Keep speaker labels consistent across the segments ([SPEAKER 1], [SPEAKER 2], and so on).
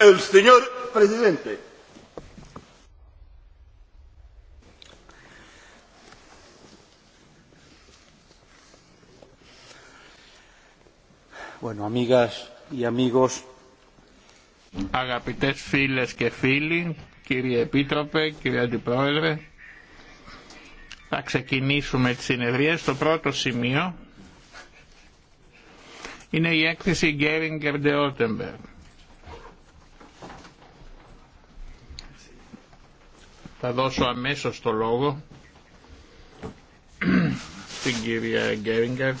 [SPEAKER 1] El señor
[SPEAKER 2] Αγαπητές φίλες και φίλοι, κύριε Επίτροπε, κύριε Αντιπρόεδρε, θα ξεκινήσουμε τι συνεδρίες. Το πρώτο σημείο είναι η έκθεση Γκέριγκερ Ντεότεμπεργκ. Θα δώσω αμέσως το λόγο στην κυρία Γκέριγκερ.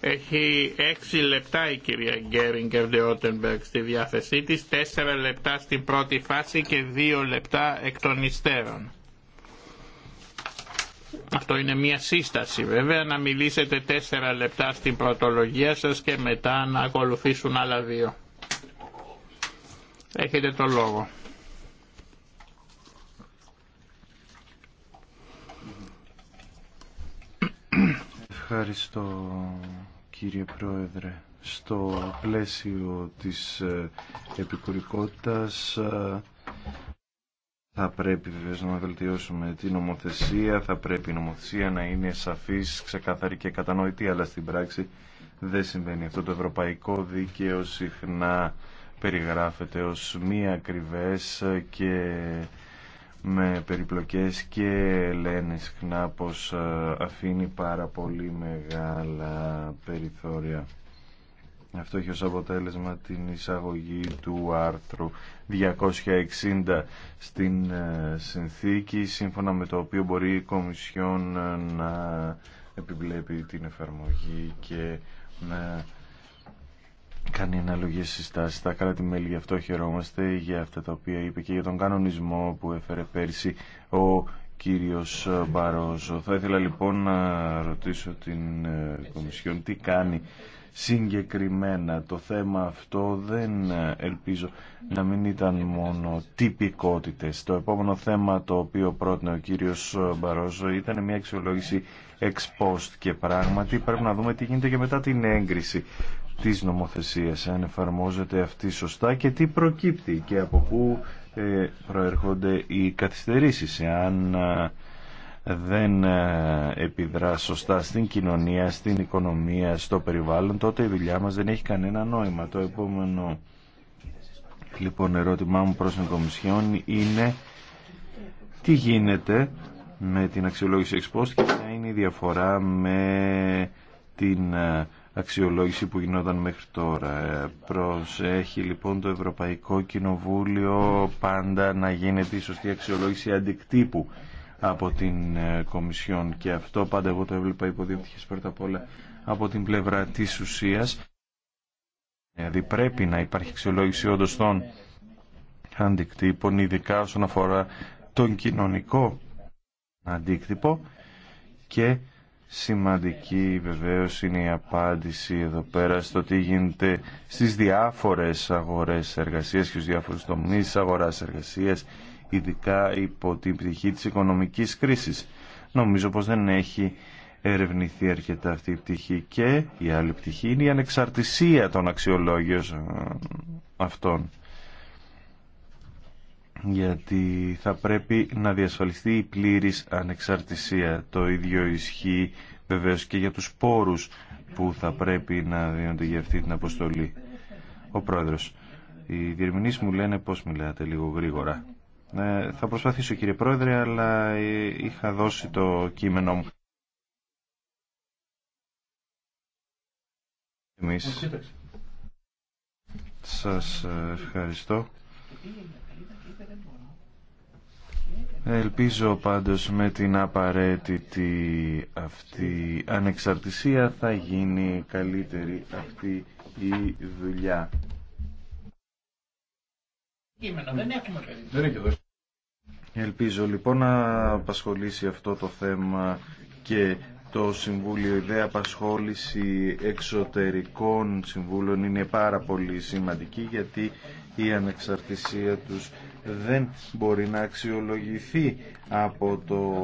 [SPEAKER 2] Έχει έξι λεπτά η κυρία Γκέριγκερ Ντεότενμπεργκ στη διάθεσή της, τέσσερα λεπτά στην πρώτη φάση και δύο λεπτά εκ των υστέρων. Αυτό είναι μια σύσταση βέβαια, να μιλήσετε τέσσερα λεπτά στην πρωτολογία σας και μετά να ακολουθήσουν άλλα δύο. Έχετε το λόγο.
[SPEAKER 3] Ευχαριστώ κύριε Πρόεδρε. Στο πλαίσιο της ε, επικουρικότητας ε, θα πρέπει βεβαίω να βελτιώσουμε την νομοθεσία, θα πρέπει η νομοθεσία να είναι σαφής, ξεκάθαρη και κατανοητή, αλλά στην πράξη δεν συμβαίνει αυτό. Το ευρωπαϊκό δίκαιο συχνά περιγράφεται ως μη ακριβές και με περιπλοκές και λένε συχνά πως ε, αφήνει πάρα πολύ μεγάλα περιθώρια. Αυτό έχει ως αποτέλεσμα την εισαγωγή του άρθρου 260 στην ε, συνθήκη, σύμφωνα με το οποίο μπορεί η Κομισιόν ε, να επιβλέπει την εφαρμογή και να κάνει αναλογέ συστάσει στα κράτη-μέλη. Γι' αυτό χαιρόμαστε για αυτά τα οποία είπε και για τον κανονισμό που έφερε πέρσι ο κύριος Μπαρόζο. Θα ήθελα λοιπόν να ρωτήσω την ε, Κομισιόν τι κάνει συγκεκριμένα. Το θέμα αυτό δεν ε, ελπίζω να μην ήταν μόνο τυπικότητες. Το επόμενο θέμα το οποίο πρότεινε ο κύριος Μπαρόζο ήταν μια αξιολόγηση ex post και πράγματι πρέπει να δούμε τι γίνεται και μετά την έγκριση της νομοθεσίας, αν εφαρμόζεται αυτή σωστά και τι προκύπτει και από πού ε, προέρχονται οι καθυστερήσεις, εάν ε, δεν ε, επιδρά σωστά στην κοινωνία, στην οικονομία, στο περιβάλλον, τότε η δουλειά μας δεν έχει κανένα νόημα. Το επόμενο λοιπόν ερώτημά μου προς την Κομισιόν είναι τι γίνεται με την αξιολόγηση εξπόστη και ποια είναι η διαφορά με την αξιολόγηση που γινόταν μέχρι τώρα. Ε, προσέχει λοιπόν το Ευρωπαϊκό Κοινοβούλιο πάντα να γίνεται η σωστή αξιολόγηση αντικτύπου από την ε, Κομισιόν και αυτό πάντα εγώ το έβλεπα υποδιοπτυχές πρώτα απ' όλα από την πλευρά της ουσίας. Δηλαδή πρέπει να υπάρχει αξιολόγηση όντω των αντικτύπων, ειδικά όσον αφορά τον κοινωνικό αντίκτυπο και Σημαντική βεβαίως είναι η απάντηση εδώ πέρα στο τι γίνεται στις διάφορες αγορές εργασίες και στους διάφορους τομείς αγοράς εργασίες, ειδικά υπό την πτυχή της οικονομικής κρίσης. Νομίζω πως δεν έχει ερευνηθεί αρκετά αυτή η πτυχή και η άλλη πτυχή είναι η ανεξαρτησία των αξιολόγιων αυτών γιατί θα πρέπει να διασφαλιστεί η πλήρης ανεξαρτησία. Το ίδιο ισχύει βεβαίως και για τους πόρους που θα πρέπει να δίνονται για αυτή την αποστολή. Ο Πρόεδρος, οι διερμηνείς μου λένε πώς μιλάτε λίγο γρήγορα. Ε, θα προσπαθήσω κύριε Πρόεδρε, αλλά ε, είχα δώσει το κείμενό μου. Εμείς σας ε, ευχαριστώ. Ελπίζω πάντως με την απαραίτητη αυτή ανεξαρτησία θα γίνει καλύτερη αυτή η δουλειά. Ελπίζω λοιπόν να απασχολήσει αυτό το θέμα και το Συμβούλιο Ιδέα Απασχόληση Εξωτερικών Συμβούλων είναι πάρα πολύ σημαντική γιατί η ανεξαρτησία τους δεν μπορεί να αξιολογηθεί από το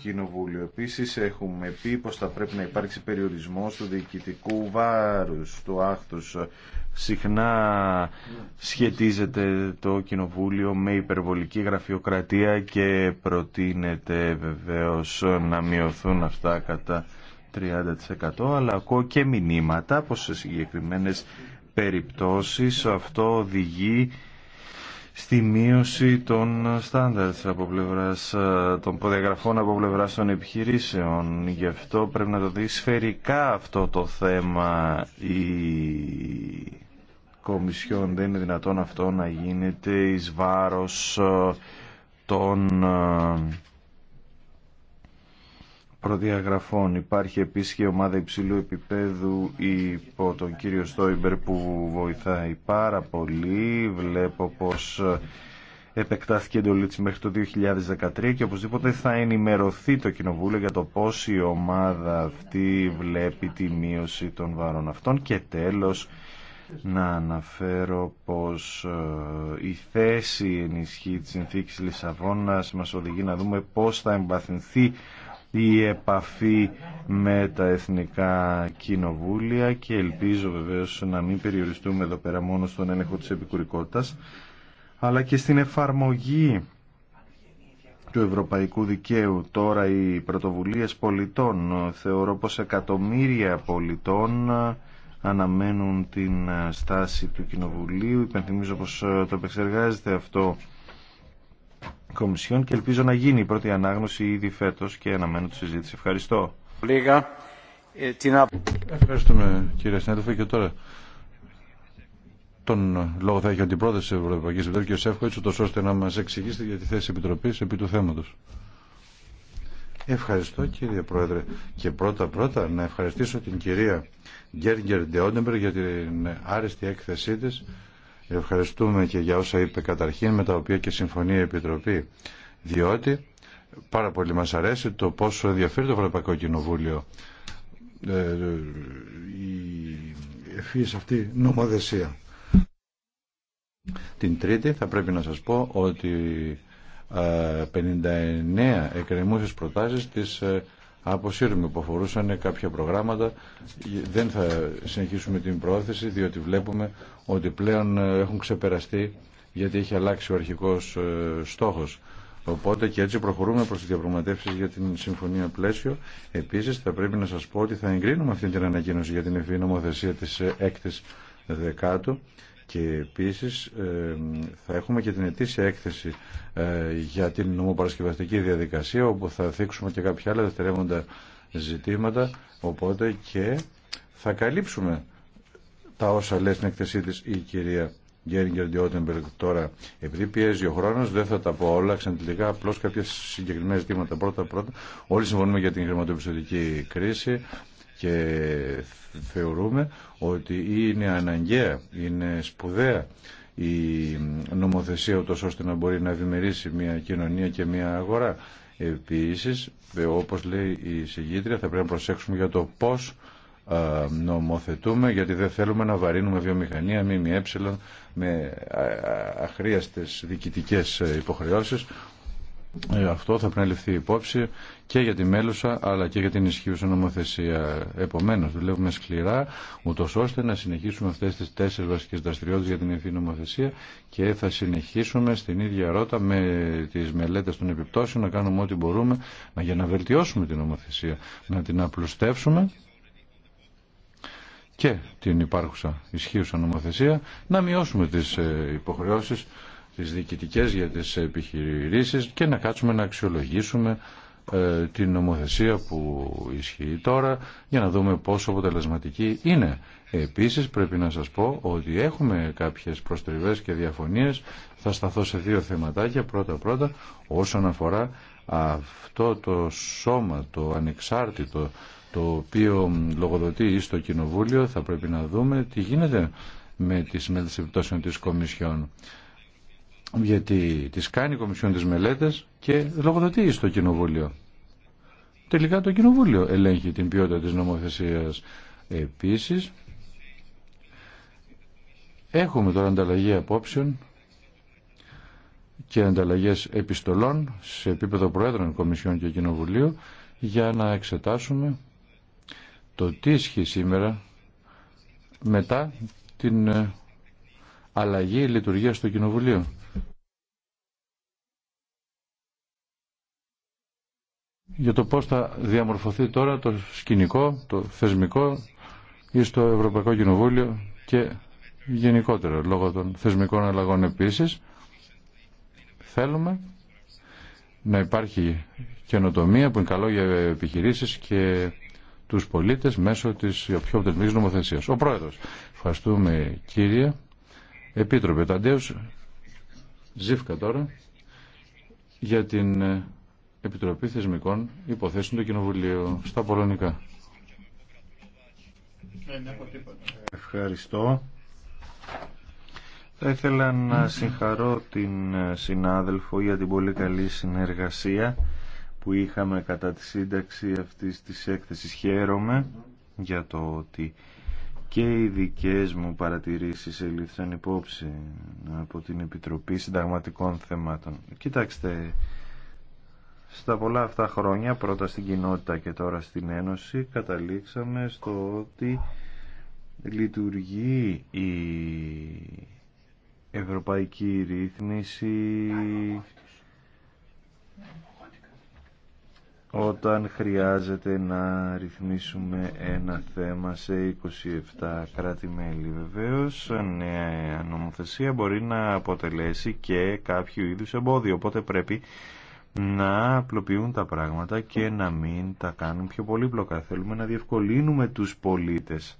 [SPEAKER 3] Κοινοβούλιο. Επίσης έχουμε πει πως θα πρέπει να υπάρξει περιορισμός του διοικητικού βάρους, του άχθους. Συχνά σχετίζεται το Κοινοβούλιο με υπερβολική γραφειοκρατία και προτείνεται βεβαίως να μειωθούν αυτά κατά 30% αλλά ακούω και μηνύματα πως σε συγκεκριμένες περιπτώσεις αυτό οδηγεί στη μείωση των στάνταρτς από ε, των προδιαγραφών από πλευράς των επιχειρήσεων. Γι' αυτό πρέπει να το δει σφαιρικά αυτό το θέμα η Κομισιόν. Δεν είναι δυνατόν αυτό να γίνεται εις βάρος ε, των ε, προδιαγραφών. Υπάρχει επίσης και ομάδα υψηλού επίπεδου υπό τον κύριο Στόιμπερ που βοηθάει πάρα πολύ. Βλέπω πως επεκτάθηκε εντολή μέχρι το 2013 και οπωσδήποτε θα ενημερωθεί το Κοινοβούλιο για το πώς η ομάδα αυτή βλέπει τη μείωση των βαρών αυτών και τέλος να αναφέρω πως ε, η θέση ενισχύ της συνθήκης Λισαβόνας μας οδηγεί να δούμε πώς θα εμπαθυνθεί η επαφή με τα εθνικά κοινοβούλια και ελπίζω βεβαίως να μην περιοριστούμε εδώ πέρα μόνο στον έλεγχο της επικουρικότητας αλλά και στην εφαρμογή του ευρωπαϊκού δικαίου. Τώρα οι πρωτοβουλίες πολιτών, θεωρώ πως εκατομμύρια πολιτών αναμένουν την στάση του Κοινοβουλίου. Υπενθυμίζω πως το επεξεργάζεται αυτό Κομισιόν και ελπίζω να γίνει η πρώτη ανάγνωση ήδη φέτο και αναμένω τη συζήτηση.
[SPEAKER 4] Ευχαριστώ. Ε, Ευχαριστούμε κύριε συνάδελφε και τώρα τον λόγο θα έχει ο αντιπρόεδρο τη Ευρωπαϊκή Επιτροπή, ο Σεύκοβιτ, έτσι ώστε να μα εξηγήσετε για τη θέση τη Επιτροπή επί του θέματο. Ευχαριστώ κύριε Πρόεδρε και πρώτα πρώτα να ευχαριστήσω την κυρία Γκέργκερ Ντεόντεμπερ για την άρεστη έκθεσή τη. Ευχαριστούμε και για όσα είπε καταρχήν με τα οποία και συμφωνεί η Επιτροπή διότι πάρα πολύ μας αρέσει το πόσο ενδιαφέρει το Ευρωπαϊκό Κοινοβούλιο ε, η ευφύης αυτή νομοθεσία. Την Τρίτη θα πρέπει να σας πω ότι 59 ε, εκκρεμούσες προτάσεις της ε, αποσύρουμε που αφορούσαν κάποια προγράμματα. Δεν θα συνεχίσουμε την πρόθεση διότι βλέπουμε ότι πλέον ε, έχουν ξεπεραστεί γιατί έχει αλλάξει ο αρχικός ε, στόχος. Οπότε και έτσι προχωρούμε προς τι διαπραγματεύσει για την Συμφωνία Πλαίσιο. Επίσης θα πρέπει να σας πω ότι θα εγκρίνουμε αυτή την ανακοίνωση για την ευφυή νομοθεσία της 6ης ε, δεκάτου και επίσης ε, θα έχουμε και την ετήσια έκθεση ε, για την νομοπαρασκευαστική διαδικασία όπου θα δείξουμε και κάποια άλλα δευτερεύοντα ζητήματα οπότε και θα καλύψουμε τα όσα λέει στην έκθεσή τη, η κυρία Γκέριγκερ Ντιότεμπεργκ τώρα επειδή πιέζει ο χρόνος δεν θα τα πω όλα ξαντλητικά ξανικά κάποια συγκεκριμένα ζητήματα πρώτα πρώτα όλοι συμφωνούμε για την χρηματοπιστωτική κρίση και θεωρούμε ότι είναι αναγκαία, είναι σπουδαία η νομοθεσία ούτως ώστε να μπορεί να ευημερίσει μια κοινωνία και μια αγορά. Επίσης, όπως λέει η συγγήτρια, θα πρέπει να προσέξουμε για το πώς νομοθετούμε γιατί δεν θέλουμε να βαρύνουμε βιομηχανία ΜΜΕ με αχρίαστες διοικητικές ε, υποχρεώσεις ε, αυτό θα πρέπει να ληφθεί υπόψη και για τη μέλουσα αλλά και για την ισχύουσα νομοθεσία. Επομένω, δουλεύουμε σκληρά, ούτω ώστε να συνεχίσουμε αυτέ τι τέσσερι βασικέ δραστηριότητε για την ευθύ νομοθεσία και θα συνεχίσουμε στην ίδια ρότα με τι μελέτε των επιπτώσεων να κάνουμε ό,τι μπορούμε για να βελτιώσουμε την νομοθεσία, να την απλουστεύσουμε και την υπάρχουσα ισχύουσα νομοθεσία, να μειώσουμε τις ε, υποχρεώσει τις διοικητικές για τις επιχειρήσεις και να κάτσουμε να αξιολογήσουμε ε, την νομοθεσία που ισχύει τώρα για να δούμε πόσο αποτελεσματική είναι. Επίσης πρέπει να σας πω ότι έχουμε κάποιες προστριβές και διαφωνίες. Θα σταθώ σε δύο θεματάκια. Πρώτα-πρώτα όσον αφορά αυτό το σώμα, το ανεξάρτητο το οποίο λογοδοτεί στο Κοινοβούλιο θα πρέπει να δούμε τι γίνεται με τις μέλη της επιπτώσεων της Κομισιόν γιατί τις κάνει η Κομισιόν τις μελέτες και λογοδοτεί στο Κοινοβούλιο. Τελικά το Κοινοβούλιο ελέγχει την ποιότητα της νομοθεσίας. Επίσης, έχουμε τώρα ανταλλαγή απόψεων και ανταλλαγές επιστολών σε επίπεδο Προέδρων Κομισιών και Κοινοβουλίου για να εξετάσουμε το τι ισχύει σήμερα μετά την ε, αλλαγή λειτουργίας του Κοινοβουλίου. για το πώς θα διαμορφωθεί τώρα το σκηνικό, το θεσμικό ή στο Ευρωπαϊκό Κοινοβούλιο και γενικότερα λόγω των θεσμικών αλλαγών επίσης θέλουμε να υπάρχει καινοτομία που είναι καλό για επιχειρήσεις και τους πολίτες μέσω της πιο αποτελεσματικής νομοθεσίας. Ο Πρόεδρος. Ευχαριστούμε κύριε. Επίτροπε Ταντέος Ζήφκα τώρα για την Επιτροπή Θεσμικών Υποθέσεων του Κοινοβουλίου στα πολωνικά. Ευχαριστώ. Θα ήθελα να συγχαρώ την
[SPEAKER 3] συνάδελφο για την πολύ καλή συνεργασία που είχαμε κατά τη σύνταξη αυτής της έκθεσης. Χαίρομαι για το ότι και οι δικές μου παρατηρήσεις ελήφθαν υπόψη από την Επιτροπή Συνταγματικών Θεμάτων. Κοιτάξτε, στα πολλά αυτά χρόνια, πρώτα στην κοινότητα και τώρα στην Ένωση, καταλήξαμε στο ότι λειτουργεί η ευρωπαϊκή ρύθμιση όταν χρειάζεται να ρυθμίσουμε ένα θέμα σε 27 κράτη-μέλη. Βεβαίως, νέα νομοθεσία μπορεί να αποτελέσει και κάποιο είδους εμπόδιο, οπότε πρέπει να απλοποιούν τα πράγματα και να μην τα κάνουν πιο πολύπλοκα. Θέλουμε να διευκολύνουμε τους πολίτες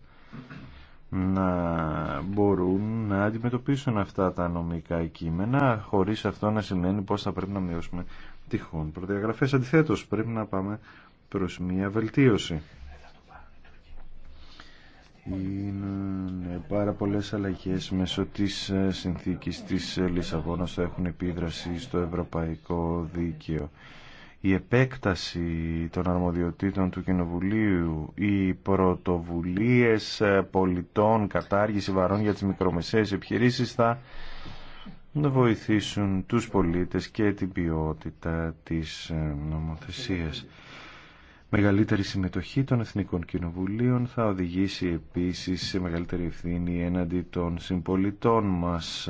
[SPEAKER 3] να μπορούν να αντιμετωπίσουν αυτά τα νομικά κείμενα χωρίς αυτό να σημαίνει πώς θα πρέπει να μειώσουμε τυχόν προδιαγραφές. Αντιθέτως πρέπει να πάμε προς μια βελτίωση. Είναι πάρα πολλές αλλαγές μέσω της ε, συνθήκης της ε, Λισαβόνας που έχουν επίδραση στο ευρωπαϊκό δίκαιο. Η επέκταση των αρμοδιοτήτων του Κοινοβουλίου, οι πρωτοβουλίες ε, πολιτών, κατάργηση βαρών για τις μικρομεσαίες επιχειρήσεις θα βοηθήσουν τους πολίτες και την ποιότητα της νομοθεσίας. Μεγαλύτερη συμμετοχή των Εθνικών Κοινοβουλίων θα οδηγήσει επίσης σε μεγαλύτερη ευθύνη έναντι των συμπολιτών μας.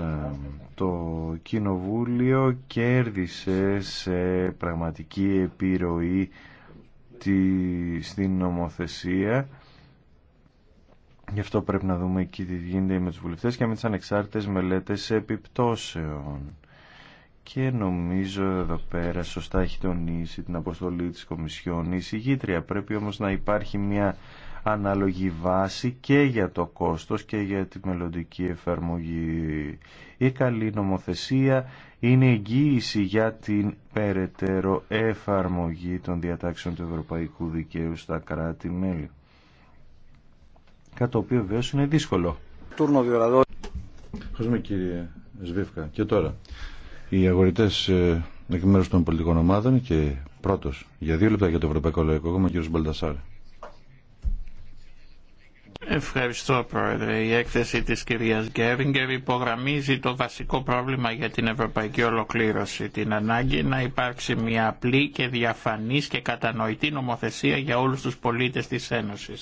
[SPEAKER 3] Το Κοινοβούλιο κέρδισε σε πραγματική επιρροή τη, στην νομοθεσία. Γι' αυτό πρέπει να δούμε και τι γίνεται με τους βουλευτές και με τις ανεξάρτητες μελέτες επιπτώσεων και νομίζω εδώ πέρα σωστά έχει τονίσει την αποστολή της Κομισιόν η συγγήτρια. Πρέπει όμως να υπάρχει μια αναλογή βάση και για το κόστος και για τη μελλοντική εφαρμογή. Η καλή νομοθεσία είναι εγγύηση για την περαιτέρω εφαρμογή των διατάξεων του Ευρωπαϊκού Δικαίου στα κράτη-μέλη. Κάτι το οποίο βέβαια είναι δύσκολο.
[SPEAKER 4] Ευχαριστούμε κύριε Σβίφκα. Και τώρα οι αγορητές ε, εκ μέρου των πολιτικών ομάδων και πρώτο, για δύο λεπτά για το Ευρωπαϊκό Λαϊκό Κόμμα κ. Μπαλτασάρη.
[SPEAKER 2] Ευχαριστώ Πρόεδρε. Η έκθεση της κυρία Γκέριγκερ υπογραμμίζει το βασικό πρόβλημα για την ευρωπαϊκή ολοκλήρωση, την ανάγκη να υπάρξει μια απλή και διαφανής και κατανοητή νομοθεσία για όλου του πολίτε τη Ένωση.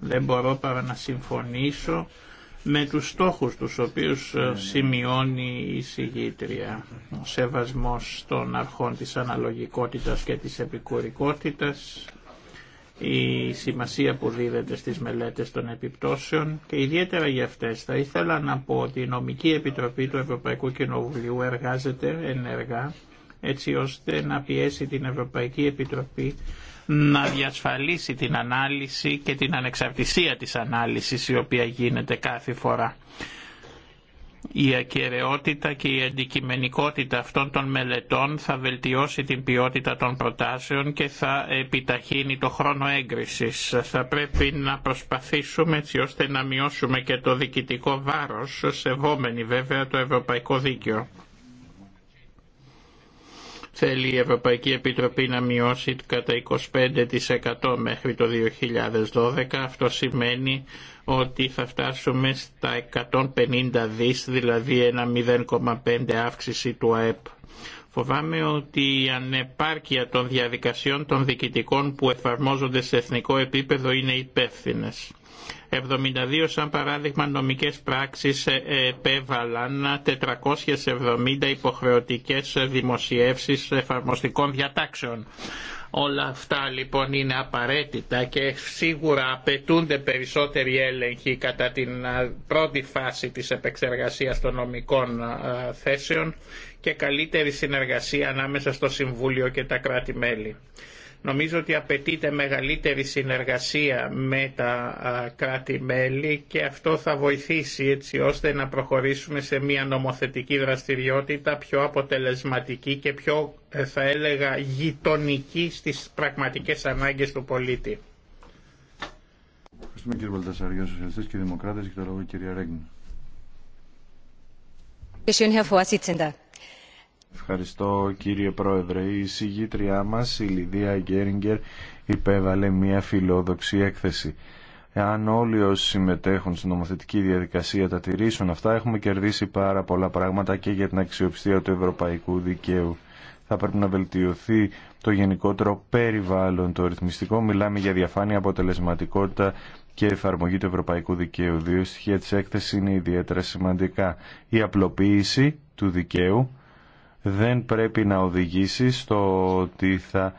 [SPEAKER 2] Δεν μπορώ παρά να συμφωνήσω με τους στόχους τους οποίους ε, σημειώνει η συγγήτρια ο σεβασμός των αρχών της αναλογικότητας και της επικουρικότητας η σημασία που δίδεται στις μελέτες των επιπτώσεων και ιδιαίτερα για αυτές θα ήθελα να πω ότι η Νομική Επιτροπή του Ευρωπαϊκού Κοινοβουλίου εργάζεται ενεργά έτσι ώστε να πιέσει την Ευρωπαϊκή Επιτροπή να διασφαλίσει την ανάλυση και την ανεξαρτησία της ανάλυσης η οποία γίνεται κάθε φορά. Η ακαιρεότητα και η αντικειμενικότητα αυτών των μελετών θα βελτιώσει την ποιότητα των προτάσεων και θα επιταχύνει το χρόνο έγκρισης. Θα πρέπει να προσπαθήσουμε έτσι ώστε να μειώσουμε και το διοικητικό βάρος, σεβόμενοι βέβαια το ευρωπαϊκό δίκαιο. Θέλει η Ευρωπαϊκή Επιτροπή να μειώσει κατά 25% μέχρι το 2012. Αυτό σημαίνει ότι θα φτάσουμε στα 150 δις, δηλαδή ένα 0,5 αύξηση του ΑΕΠ. Φοβάμαι ότι η ανεπάρκεια των διαδικασιών των διοικητικών που εφαρμόζονται σε εθνικό επίπεδο είναι υπεύθυνε. 72 σαν παράδειγμα νομικές πράξεις ε, επέβαλαν 470 υποχρεωτικές δημοσιεύσεις εφαρμοστικών διατάξεων. Όλα αυτά λοιπόν είναι απαραίτητα και σίγουρα απαιτούνται περισσότεροι έλεγχοι κατά την ε, πρώτη φάση της επεξεργασίας των νομικών ε, θέσεων και καλύτερη συνεργασία ανάμεσα στο Συμβούλιο και τα κράτη-μέλη. Νομίζω ότι απαιτείται μεγαλύτερη συνεργασία με τα κράτη-μέλη και αυτό θα βοηθήσει έτσι ώστε να προχωρήσουμε σε μια νομοθετική δραστηριότητα πιο αποτελεσματική και πιο ε, θα έλεγα γειτονική στις πραγματικές ανάγκες του πολίτη.
[SPEAKER 4] Ευχαριστούμε κύριε Βαλτασαριό, Σοσιαλιστές και Δημοκράτες και το λόγο κυρία
[SPEAKER 3] Ευχαριστώ κύριε Πρόεδρε. Η συγγήτριά μας, η Λιδία Γκέριγκερ, υπέβαλε μια φιλόδοξη έκθεση. Εάν όλοι όσοι συμμετέχουν στην νομοθετική διαδικασία τα τηρήσουν αυτά, έχουμε κερδίσει πάρα πολλά πράγματα και για την αξιοπιστία του ευρωπαϊκού δικαίου. Θα πρέπει να βελτιωθεί το γενικότερο περιβάλλον, το ρυθμιστικό. Μιλάμε για διαφάνεια, αποτελεσματικότητα και εφαρμογή του ευρωπαϊκού δικαίου. Δύο στοιχεία τη έκθεση είναι ιδιαίτερα σημαντικά. Η απλοποίηση του δικαίου δεν πρέπει να οδηγήσει στο ότι θα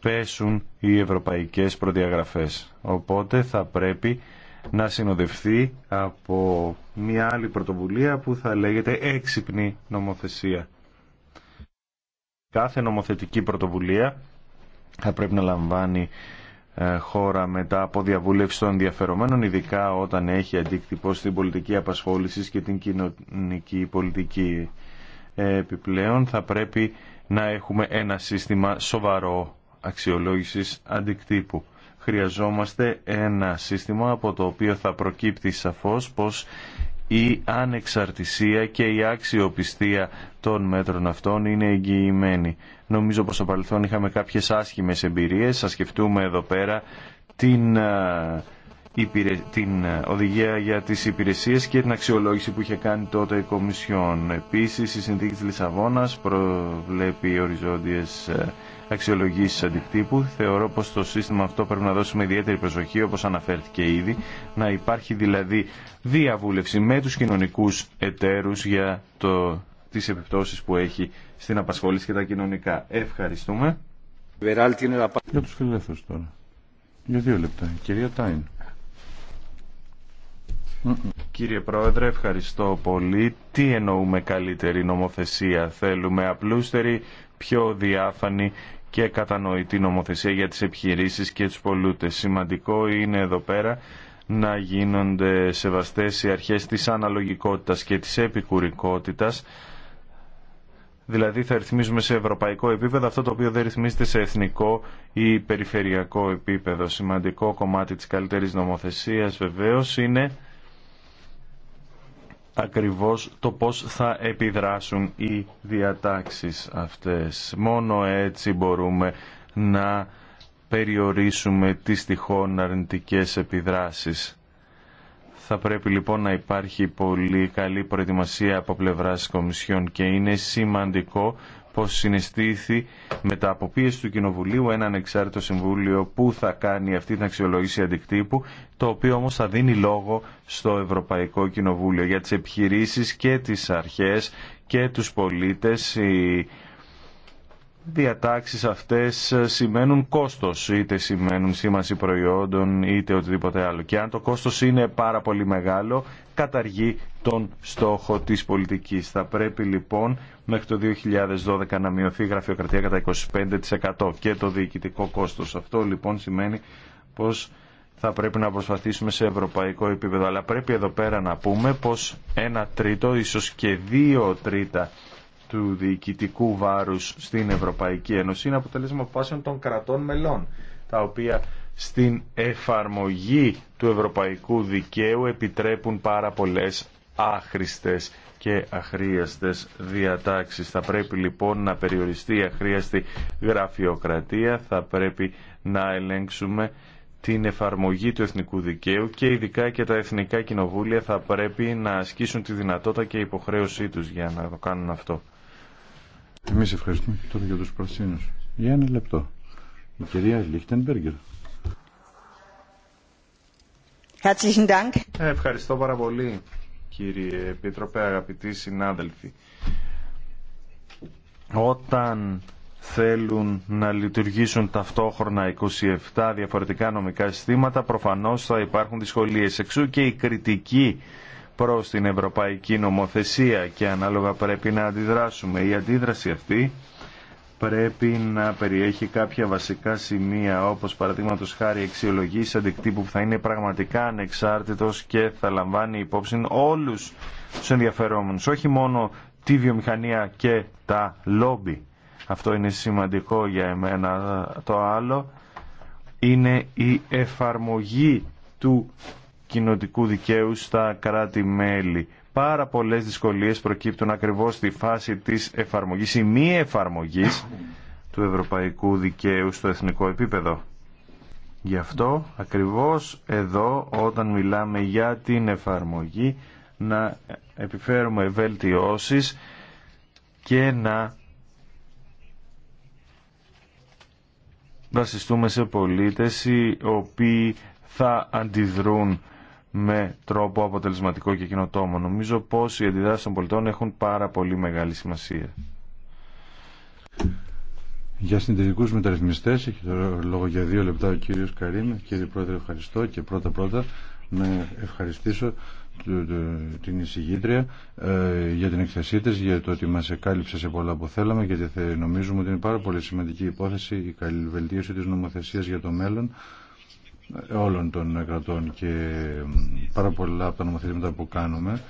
[SPEAKER 3] πέσουν οι ευρωπαϊκές προδιαγραφές. Οπότε θα πρέπει να συνοδευτεί από μια άλλη πρωτοβουλία που θα λέγεται έξυπνη νομοθεσία. Κάθε νομοθετική πρωτοβουλία θα πρέπει να λαμβάνει ε, χώρα μετά από διαβούλευση των ενδιαφερομένων, ειδικά όταν έχει αντίκτυπο στην πολιτική απασχόλησης και την κοινωνική πολιτική επιπλέον θα πρέπει να έχουμε ένα σύστημα σοβαρό αξιολόγησης αντικτύπου. Χρειαζόμαστε ένα σύστημα από το οποίο θα προκύπτει σαφώς πως η ανεξαρτησία και η αξιοπιστία των μέτρων αυτών είναι εγγυημένη. Νομίζω πως στο παρελθόν είχαμε κάποιες άσχημες εμπειρίες. Σας σκεφτούμε εδώ πέρα την την ε, οδηγία για τις υπηρεσίες και την αξιολόγηση που είχε κάνει τότε η Κομισιόν. Επίσης, η συνθήκη της Λισαβόνας προβλέπει οριζόντιες ε, αξιολογήσεις αντικτύπου. Θεωρώ πως το σύστημα αυτό πρέπει να δώσουμε ιδιαίτερη προσοχή, όπως αναφέρθηκε ήδη, να υπάρχει δηλαδή διαβούλευση με τους κοινωνικούς εταίρους για το, τις επιπτώσεις που έχει στην απασχόληση και τα κοινωνικά. Ευχαριστούμε.
[SPEAKER 1] Για
[SPEAKER 4] τους φιλελεύθερους τώρα. Για δύο λεπτά. Κυρία Τάιν.
[SPEAKER 3] Κύριε Πρόεδρε, ευχαριστώ πολύ. Τι εννοούμε καλύτερη νομοθεσία. Θέλουμε απλούστερη, πιο διάφανη και κατανοητή νομοθεσία για τις επιχειρήσεις και τους πολίτες. Σημαντικό είναι εδώ πέρα να γίνονται σεβαστές οι αρχές της αναλογικότητας και της επικουρικότητας. Δηλαδή θα ρυθμίζουμε σε ευρωπαϊκό επίπεδο αυτό το οποίο δεν ρυθμίζεται σε εθνικό ή περιφερειακό επίπεδο. Σημαντικό κομμάτι της καλύτερης νομοθεσίας βεβαίως είναι ακριβώς το πώς θα επιδράσουν οι διατάξεις αυτές. Μόνο έτσι μπορούμε να περιορίσουμε τις τυχόν αρνητικές επιδράσεις. Θα πρέπει λοιπόν να υπάρχει πολύ καλή προετοιμασία από πλευράς Κομισιόν και είναι σημαντικό πως συναισθήθη με τα πίεση του Κοινοβουλίου ένα ανεξάρτητο συμβούλιο που θα κάνει αυτή την αξιολόγηση αντικτύπου, το οποίο όμως θα δίνει λόγο στο Ευρωπαϊκό Κοινοβούλιο για τις επιχειρήσεις και τις αρχές και τους πολίτες. Η διατάξεις αυτές σημαίνουν κόστος, είτε σημαίνουν σήμανση προϊόντων, είτε οτιδήποτε άλλο. Και αν το κόστος είναι πάρα πολύ μεγάλο, καταργεί τον στόχο της πολιτικής. Θα πρέπει λοιπόν μέχρι το 2012 να μειωθεί η γραφειοκρατία κατά 25% και το διοικητικό κόστος. Αυτό λοιπόν σημαίνει πως θα πρέπει να προσπαθήσουμε σε ευρωπαϊκό επίπεδο. Αλλά πρέπει εδώ πέρα να πούμε πως ένα τρίτο, ίσως και δύο τρίτα του διοικητικού βάρους στην Ευρωπαϊκή Ένωση είναι αποτελέσμα αποφάσεων των κρατών μελών, τα οποία στην εφαρμογή του ευρωπαϊκού δικαίου επιτρέπουν πάρα πολλές άχρηστες και αχρίαστες διατάξεις. Θα πρέπει λοιπόν να περιοριστεί η αχρίαστη γραφειοκρατία, θα πρέπει να ελέγξουμε την εφαρμογή του εθνικού δικαίου και ειδικά και τα εθνικά κοινοβούλια θα πρέπει να ασκήσουν τη δυνατότητα και υποχρέωσή τους για να το κάνουν αυτό.
[SPEAKER 4] Εμεί ευχαριστούμε και τώρα για του πρασίνου. Για ένα λεπτό. Η κυρία Λίχτενμπεργκερ. Ε, ευχαριστώ πάρα
[SPEAKER 3] πολύ κύριε Επίτροπε, αγαπητοί συνάδελφοι. Όταν θέλουν να λειτουργήσουν ταυτόχρονα 27 διαφορετικά νομικά συστήματα, προφανώς θα υπάρχουν δυσκολίες. Εξού και η κριτική προς την ευρωπαϊκή νομοθεσία και ανάλογα πρέπει να αντιδράσουμε. Η αντίδραση αυτή πρέπει να περιέχει κάποια βασικά σημεία όπως παραδείγματο χάρη εξιολογήσει αντικτύπου που θα είναι πραγματικά ανεξάρτητος και θα λαμβάνει υπόψη όλους τους ενδιαφερόμενους, όχι μόνο τη βιομηχανία και τα λόμπι. Αυτό είναι σημαντικό για εμένα. Το άλλο είναι η εφαρμογή του κοινοτικού δικαίου στα κράτη-μέλη. Πάρα πολλέ δυσκολίες προκύπτουν ακριβώς στη φάση της εφαρμογής ή μη εφαρμογής του ευρωπαϊκού δικαίου στο εθνικό επίπεδο. Γι' αυτό ακριβώς εδώ όταν μιλάμε για την εφαρμογή να επιφέρουμε βελτιώσεις και να βασιστούμε σε πολίτες οι οποίοι θα αντιδρούν με τρόπο αποτελεσματικό και κοινοτόμο. Νομίζω πως οι αντιδράσεις των πολιτών έχουν πάρα πολύ μεγάλη σημασία.
[SPEAKER 4] Για συντηρητικού μεταρρυθμιστέ, έχει το λόγο για δύο λεπτά ο κύριο Καρίν. Κύριε Πρόεδρε, ευχαριστώ και πρώτα πρώτα να ευχαριστήσω την εισηγήτρια ε, για την εκθεσή τη για το ότι μα εκάλυψε σε πολλά που θέλαμε, γιατί νομίζουμε ότι είναι πάρα πολύ σημαντική υπόθεση η καλή βελτίωση της νομοθεσίας για το μέλλον όλων των κρατών και πάρα πολλά από τα νομοθετήματα που κάνουμε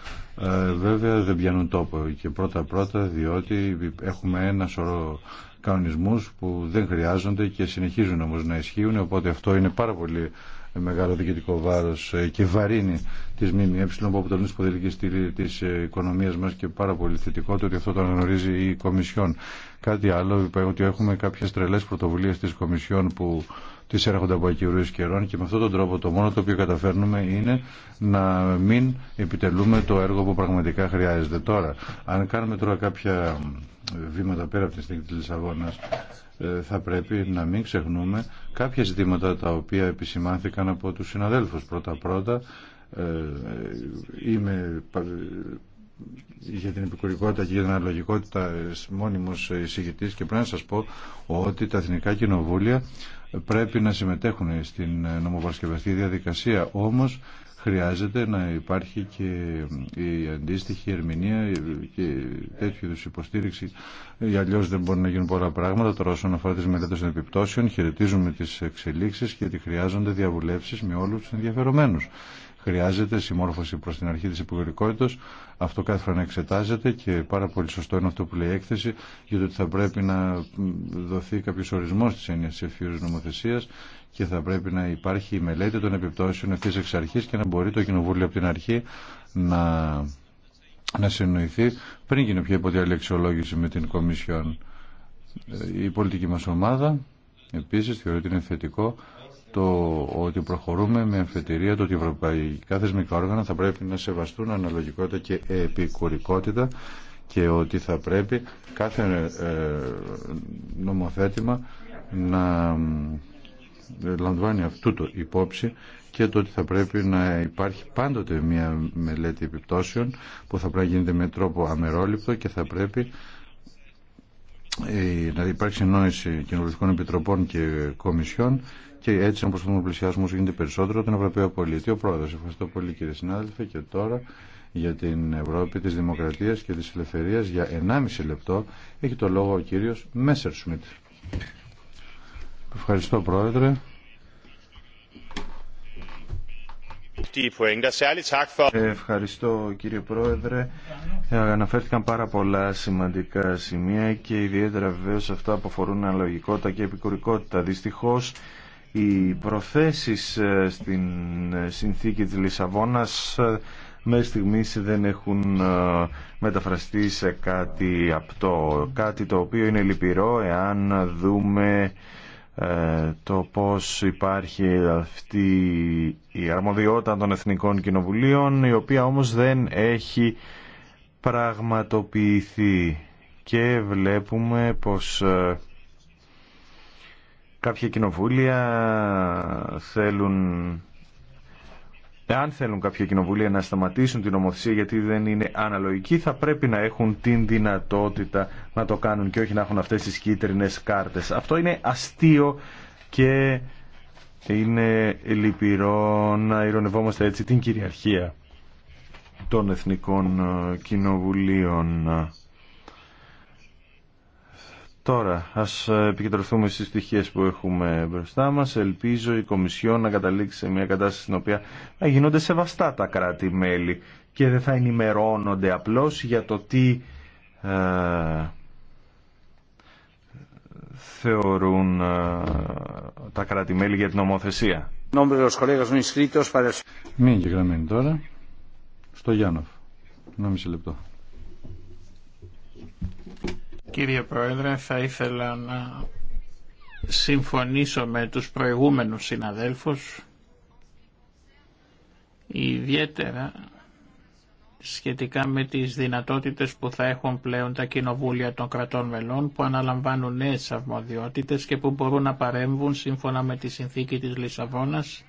[SPEAKER 4] ε, βέβαια δεν πιάνουν τόπο και πρώτα πρώτα διότι έχουμε ένα σωρό κανονισμούς που δεν χρειάζονται και συνεχίζουν όμως να ισχύουν οπότε αυτό είναι πάρα πολύ μεγάλο διοικητικό βάρο ε, και βαρύνει τη ΜΜΕ που αποτελεί τη ποδηλική στήλη τη ε, οικονομία μα και πάρα πολύ θετικό το ότι αυτό το αναγνωρίζει η Κομισιόν. Κάτι άλλο, είπα ότι έχουμε κάποιε τρελέ πρωτοβουλίε τη Κομισιόν που τι έρχονται από ακυρού καιρών και με αυτόν τον τρόπο το μόνο το οποίο καταφέρνουμε είναι να μην επιτελούμε το έργο που πραγματικά χρειάζεται. Τώρα, αν κάνουμε τώρα κάποια βήματα πέρα από τη στιγμή της Λισαβόνας ε, θα πρέπει να μην ξεχνούμε κάποια ζητήματα τα οποία επισημάνθηκαν από τους συναδέλφους πρώτα-πρώτα ε, είμαι για την επικουρικότητα και για την αναλογικότητα ε, μόνιμος εισηγητής και πρέπει να σας πω ότι τα εθνικά κοινοβούλια πρέπει να συμμετέχουν στην νομοπαρασκευαστική διαδικασία όμως χρειάζεται να υπάρχει και η αντίστοιχη ερμηνεία και τέτοιου είδου υποστήριξη. Αλλιώ δεν μπορεί να γίνουν πολλά πράγματα. Τώρα, όσον αφορά τι μελέτε των επιπτώσεων, χαιρετίζουμε τι εξελίξει και ότι χρειάζονται διαβουλεύσει με όλου του ενδιαφερομένου. Χρειάζεται συμμόρφωση προ την αρχή τη υπογερικότητα. Αυτό κάθε φορά να εξετάζεται και πάρα πολύ σωστό είναι αυτό που λέει η έκθεση για θα πρέπει να δοθεί κάποιο ορισμό τη έννοια τη ευφυή νομοθεσία και θα πρέπει να υπάρχει η μελέτη των επιπτώσεων ευθύς εξ αρχής και να μπορεί το Κοινοβούλιο από την αρχή να, να συνοηθεί πριν γίνει οποιαδήποτε άλλη αξιολόγηση με την Κομισιόν. Η πολιτική μας ομάδα επίσης θεωρεί ότι είναι θετικό το ότι προχωρούμε με αφετηρία το ότι οι ευρωπαϊκά θεσμικά όργανα θα πρέπει να σεβαστούν αναλογικότητα και επικουρικότητα και ότι θα πρέπει κάθε ε, νομοθέτημα να ε, λαμβάνει αυτού το υπόψη και το ότι θα πρέπει να υπάρχει πάντοτε μια μελέτη επιπτώσεων που θα πρέπει να γίνεται με τρόπο αμερόληπτο και θα πρέπει ε, να υπάρξει ενόηση κοινοβουλευτικών επιτροπών και κομισιών και έτσι να προσπαθούμε να πλησιάσουμε όσο γίνεται περισσότερο τον Ευρωπαίο πολίτη. Ο πρόεδρο, ευχαριστώ πολύ κύριε συνάδελφε και τώρα για την Ευρώπη της Δημοκρατίας και της Ελευθερίας για 1,5 λεπτό έχει το λόγο ο κύριο Μέσερ Σμιτ. Ευχαριστώ Πρόεδρε.
[SPEAKER 3] Ευχαριστώ κύριε Πρόεδρε. Ε, αναφέρθηκαν πάρα πολλά σημαντικά σημεία και ιδιαίτερα βεβαίως αυτά που αφορούν αναλογικότητα και επικουρικότητα. Δυστυχώς οι προθέσεις ε, στην ε, συνθήκη της Λισαβόνας με στιγμής δεν έχουν μεταφραστεί σε κάτι απτό. Κάτι το οποίο είναι λυπηρό εάν δούμε ε, το πώς υπάρχει αυτή η αρμοδιότητα των Εθνικών Κοινοβουλίων η οποία όμως δεν έχει πραγματοποιηθεί και βλέπουμε πως ε, κάποια κοινοβούλια θέλουν εάν θέλουν κάποια κοινοβουλία να σταματήσουν την νομοθεσία γιατί δεν είναι αναλογική, θα πρέπει να έχουν την δυνατότητα να το κάνουν και όχι να έχουν αυτές τις κίτρινες κάρτες. Αυτό είναι αστείο και είναι λυπηρό να ηρωνευόμαστε έτσι την κυριαρχία των Εθνικών ε, Κοινοβουλίων. Τώρα, ας ε, επικεντρωθούμε στις στοιχείες που έχουμε μπροστά μας. Ελπίζω η Κομισιόν να καταλήξει σε μια κατάσταση στην οποία θα γίνονται σεβαστά τα κράτη-μέλη και δεν θα ενημερώνονται απλώς για το τι ε, θεωρούν ε, τα κράτη-μέλη για την
[SPEAKER 4] νομοθεσία. Μην γεγραμμένη τώρα στο Γιάννοφ. μιση λεπτό.
[SPEAKER 2] Κύριε Πρόεδρε, θα ήθελα να συμφωνήσω με τους προηγούμενους συναδέλφους ιδιαίτερα σχετικά με τις δυνατότητες που θα έχουν πλέον τα κοινοβούλια των κρατών μελών που αναλαμβάνουν νέες αρμοδιότητες και που μπορούν να παρέμβουν σύμφωνα με τη συνθήκη της Λισαβόνας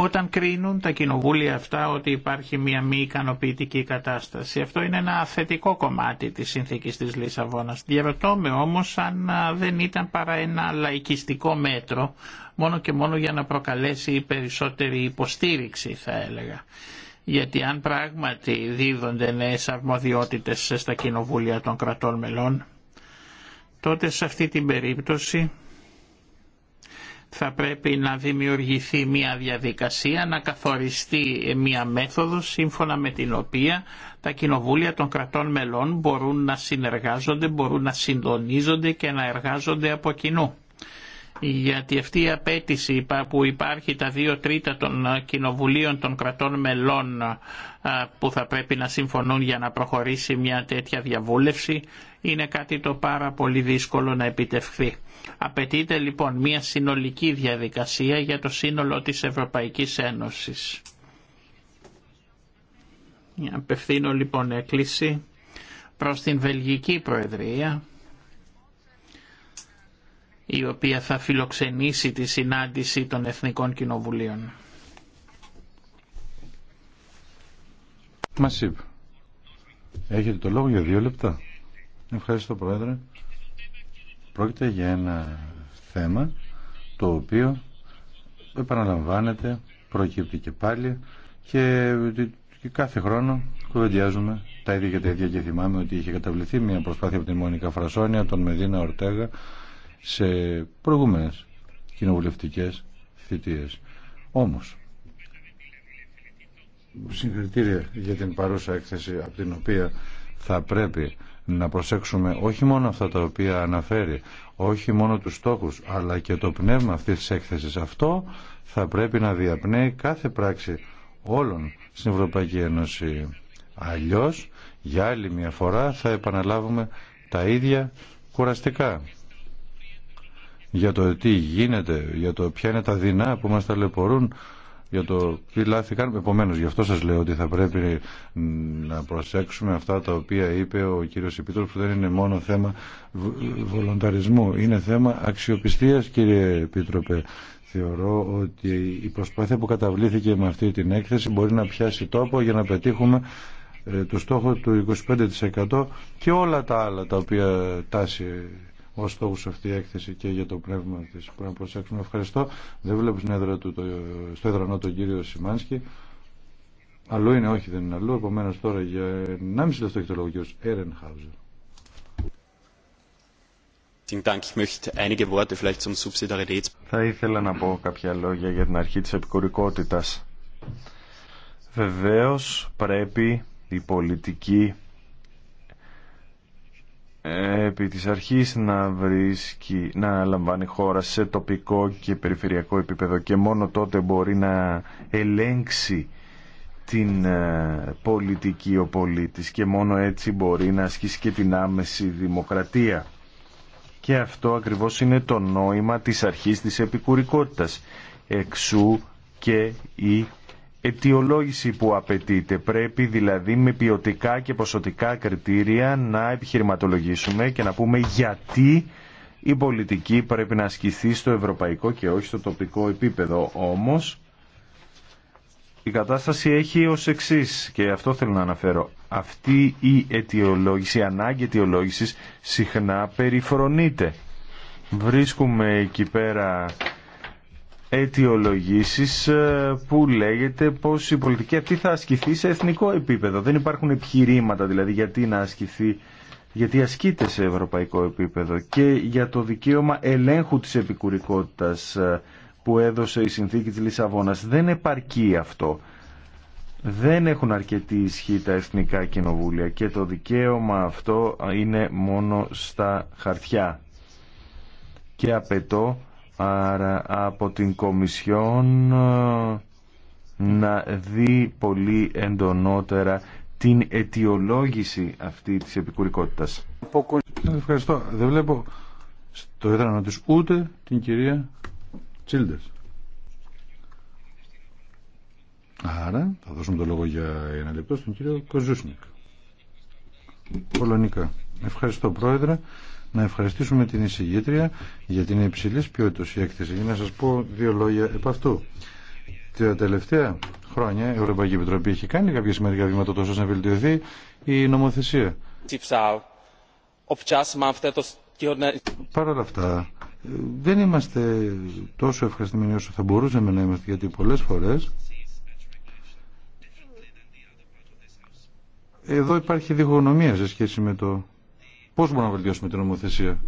[SPEAKER 2] όταν κρίνουν τα κοινοβούλια αυτά ότι υπάρχει μια μη ικανοποιητική κατάσταση. Αυτό είναι ένα θετικό κομμάτι της συνθήκης της Λισαβόνας. Διαρωτώ όμως αν δεν ήταν παρά ένα λαϊκιστικό μέτρο μόνο και μόνο για να προκαλέσει περισσότερη υποστήριξη θα έλεγα. Γιατί αν πράγματι δίδονται νέες αρμοδιότητες στα κοινοβούλια των κρατών μελών τότε σε αυτή την περίπτωση θα πρέπει να δημιουργηθεί μια διαδικασία, να καθοριστεί μια μέθοδος σύμφωνα με την οποία τα κοινοβούλια των κρατών μελών μπορούν να συνεργάζονται, μπορούν να συντονίζονται και να εργάζονται από κοινού γιατί αυτή η απέτηση που υπάρχει τα δύο τρίτα των ε, κοινοβουλίων των κρατών μελών ε, που θα πρέπει να συμφωνούν για να προχωρήσει μια τέτοια διαβούλευση είναι κάτι το πάρα πολύ δύσκολο να επιτευχθεί. Απαιτείται λοιπόν μια συνολική διαδικασία για το σύνολο της Ευρωπαϊκής Ένωσης. Απευθύνω λοιπόν έκκληση προς την Βελγική Προεδρία η οποία θα φιλοξενήσει τη συνάντηση των Εθνικών Κοινοβουλίων.
[SPEAKER 4] Μας είπε. Έχετε το λόγο για δύο λεπτά. Ευχαριστώ Πρόεδρε. Πρόκειται για ένα θέμα το οποίο επαναλαμβάνεται, προκύπτει και πάλι και, κάθε χρόνο κουβεντιάζουμε τα ίδια και τα ίδια και θυμάμαι ότι είχε καταβληθεί μια προσπάθεια από την Μόνικα Φρασόνια, τον Μεδίνα Ορτέγα σε προηγούμενες κοινοβουλευτικές θητείες. Όμως, συγχαρητήρια για την παρούσα έκθεση από την οποία θα πρέπει να προσέξουμε όχι μόνο αυτά τα οποία αναφέρει, όχι μόνο τους στόχους, αλλά και το πνεύμα αυτής της έκθεσης. Αυτό θα πρέπει να διαπνέει κάθε πράξη όλων στην Ευρωπαϊκή Ένωση. Αλλιώς, για άλλη μια φορά, θα επαναλάβουμε τα ίδια κουραστικά για το τι γίνεται, για το ποια είναι τα δεινά που μας ταλαιπωρούν, για το τι λάθη κάνουμε. Επομένω, γι' αυτό σα λέω ότι θα πρέπει να προσέξουμε αυτά τα οποία είπε ο κύριο Επίτροπο, που δεν είναι μόνο θέμα βολονταρισμού. Είναι θέμα αξιοπιστία, κύριε Επίτροπε. Θεωρώ ότι η προσπάθεια που καταβλήθηκε με αυτή την έκθεση μπορεί να πιάσει τόπο για να πετύχουμε ε, το στόχο του 25% και όλα τα άλλα τα οποία τάση ο στόχο αυτή η έκθεση και για το πνεύμα τη. Πρέπει να προσέξουμε. Ευχαριστώ. Δεν βλέπω στην έδρα του, στο έδρανό τον κύριο Σιμάνσκι. Αλλού είναι, όχι δεν είναι αλλού. Επομένω τώρα για 1,5 λεπτό έχει το λόγο ο κύριο Έρενχάουζερ. Θα ήθελα να πω κάποια
[SPEAKER 3] λόγια για την αρχή της επικουρικότητας. Βεβαίως πρέπει η πολιτική επί της αρχής να βρίσκει, να λαμβάνει χώρα σε τοπικό και περιφερειακό επίπεδο και μόνο τότε μπορεί να ελέγξει την ε, πολιτική ο πολίτης και μόνο έτσι μπορεί να ασκήσει και την άμεση δημοκρατία. Και αυτό ακριβώς είναι το νόημα της αρχής της επικουρικότητας. Εξού και η αιτιολόγηση που απαιτείται. Πρέπει δηλαδή με ποιοτικά και ποσοτικά κριτήρια να επιχειρηματολογήσουμε και να πούμε γιατί η πολιτική πρέπει να ασκηθεί στο ευρωπαϊκό και όχι στο τοπικό επίπεδο. Όμως η κατάσταση έχει ως εξή και αυτό θέλω να αναφέρω. Αυτή η αιτιολόγηση, η ανάγκη αιτιολόγησης συχνά περιφρονείται. Βρίσκουμε εκεί πέρα αιτιολογήσεις ε, που λέγεται πως η πολιτική αυτή θα ασκηθεί σε εθνικό επίπεδο. Δεν υπάρχουν επιχειρήματα δηλαδή γιατί να ασκηθεί γιατί ασκείται σε ευρωπαϊκό επίπεδο και για το δικαίωμα ελέγχου της επικουρικότητας ε, που έδωσε η συνθήκη της Λισαβόνας. Δεν επαρκεί αυτό. Δεν έχουν αρκετή ισχύ τα εθνικά κοινοβούλια και το δικαίωμα αυτό είναι μόνο στα χαρτιά. Και απαιτώ Άρα από την Κομισιόν ε, να δει πολύ εντονότερα την αιτιολόγηση αυτή της επικουρικότητας.
[SPEAKER 4] Ευχαριστώ. Δεν βλέπω στο έδρανο της ούτε την κυρία Τσίλντες. Άρα θα δώσουμε το λόγο για ένα λεπτό στον κύριο Κοζούσνικ. Πολωνικά. Ευχαριστώ πρόεδρε να ευχαριστήσουμε την εισηγήτρια για την υψηλή ποιότητα η έκθεση. Για να σας πω δύο λόγια επ' αυτού. Τα τελευταία χρόνια η Ευρωπαϊκή Επιτροπή έχει κάνει κάποια σημαντικά βήματα τόσο να βελτιωθεί η νομοθεσία. Παρ' όλα αυτά, δεν είμαστε τόσο ευχαριστημένοι όσο θα μπορούσαμε να είμαστε, γιατί πολλές φορές εδώ υπάρχει διχογνωμία σε σχέση με το Πώς μπορούμε να βελτιώσουμε την νομοθεσία.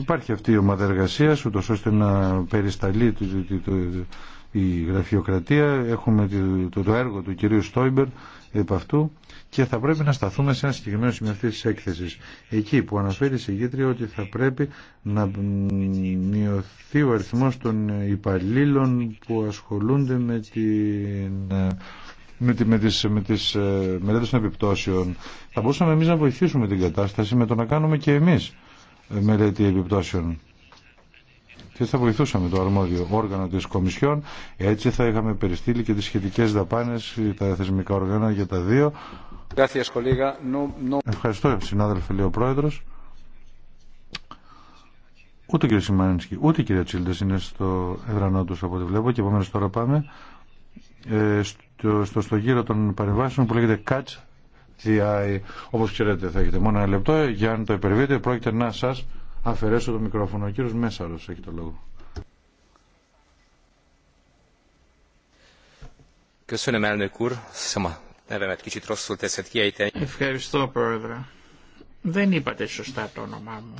[SPEAKER 4] Υπάρχει αυτή η ομάδα εργασία, ούτω ώστε να περισταλεί η γραφειοκρατία. Έχουμε το έργο του κυρίου Στόιμπερ επ' αυτού και θα πρέπει να σταθούμε σε ένα συγκεκριμένο σημείο αυτή τη έκθεση. Εκεί που αναφέρει η γήτρια ότι θα πρέπει να μειωθεί ο αριθμό των υπαλλήλων που ασχολούνται με την με, τη, με τις, με τις ε, μελέτες των επιπτώσεων θα μπορούσαμε εμείς να βοηθήσουμε την κατάσταση με το να κάνουμε και εμείς ε, μελέτη επιπτώσεων και θα βοηθούσαμε το αρμόδιο όργανο της Κομισιόν έτσι θα είχαμε περιστήλει και τις σχετικές δαπάνες τα θεσμικά οργάνα για τα δύο Ευχαριστώ συνάδελφε λέει ο Πρόεδρος Ούτε ο κ. Σιμάνσκι, ούτε η κυρία είναι στο έδρανό του από ό,τι βλέπω και επομένω τώρα πάμε ε, στο, στο, στο γύρο των παρεμβάσεων που λέγεται Catch the Eye. Όπως ξέρετε θα έχετε μόνο ένα λεπτό για να το υπερβείτε πρόκειται να σα αφαιρέσω το μικρόφωνο. Ο κύριο Μέσαρο έχει το λόγο.
[SPEAKER 1] Ευχαριστώ
[SPEAKER 2] πρόεδρε. Δεν είπατε σωστά το όνομά μου.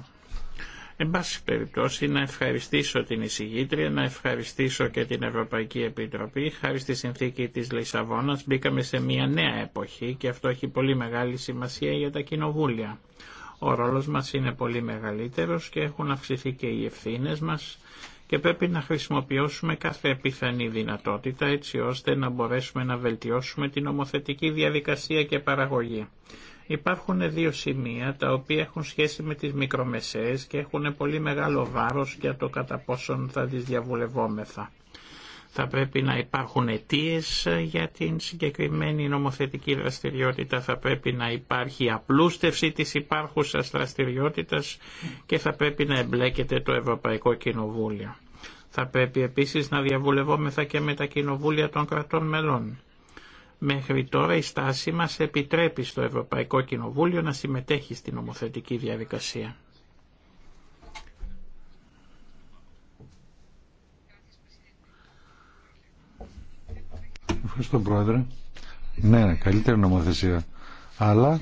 [SPEAKER 2] Εν πάση περιπτώσει να ευχαριστήσω την εισηγήτρια, να ευχαριστήσω και την Ευρωπαϊκή Επιτροπή. Χάρη στη συνθήκη της Λισαβόνας μπήκαμε σε μια νέα εποχή και αυτό έχει πολύ μεγάλη σημασία για τα κοινοβούλια. Ο ρόλος μας είναι πολύ μεγαλύτερος και έχουν αυξηθεί και οι ευθύνε μας και πρέπει να χρησιμοποιήσουμε κάθε επιθανή δυνατότητα έτσι ώστε να μπορέσουμε να βελτιώσουμε την ομοθετική διαδικασία και παραγωγή. Υπάρχουν δύο σημεία τα οποία έχουν σχέση με τις μικρομεσαίες και έχουν πολύ μεγάλο βάρος για το κατά πόσον θα τις διαβουλευόμεθα. Θα πρέπει να υπάρχουν αιτίε για την συγκεκριμένη νομοθετική δραστηριότητα, θα πρέπει να υπάρχει απλούστευση της υπάρχουσας δραστηριότητας και θα πρέπει να εμπλέκεται το Ευρωπαϊκό Κοινοβούλιο. Θα πρέπει επίσης να διαβουλευόμεθα και με τα κοινοβούλια των κρατών μελών. Μέχρι τώρα η στάση μας επιτρέπει στο Ευρωπαϊκό Κοινοβούλιο να συμμετέχει στην νομοθετική διαδικασία.
[SPEAKER 4] Ευχαριστώ Πρόεδρε. Ναι, καλύτερη νομοθεσία. Αλλά